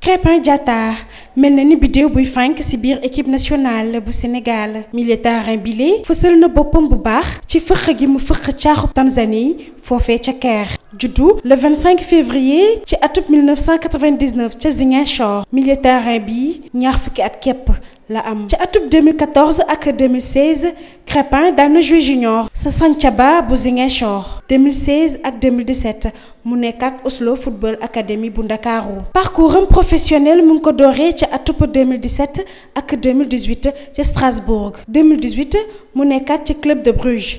Crépin Diatta mel na ni bidéew buy fànk ci équipe nationale bu Sénégal militaire terrain bile fësal na boppam bu baax ci fëq gi mu fëq caaxub Tanzanie foofee ca Caire juddu le 25 février ci atub 1999 ca Ziguinchor milieu terrain bi ñaar fukki at képp la am ci 2014 ak 2016 Crépin dans junior sa tchaba bu Chor. 2016 ak 2017 mu Oslo Football Academy bu parcours professionnel mu ko 2017 ak 2018 Strasbourg 2018 mu club de Bruges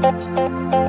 Thank you.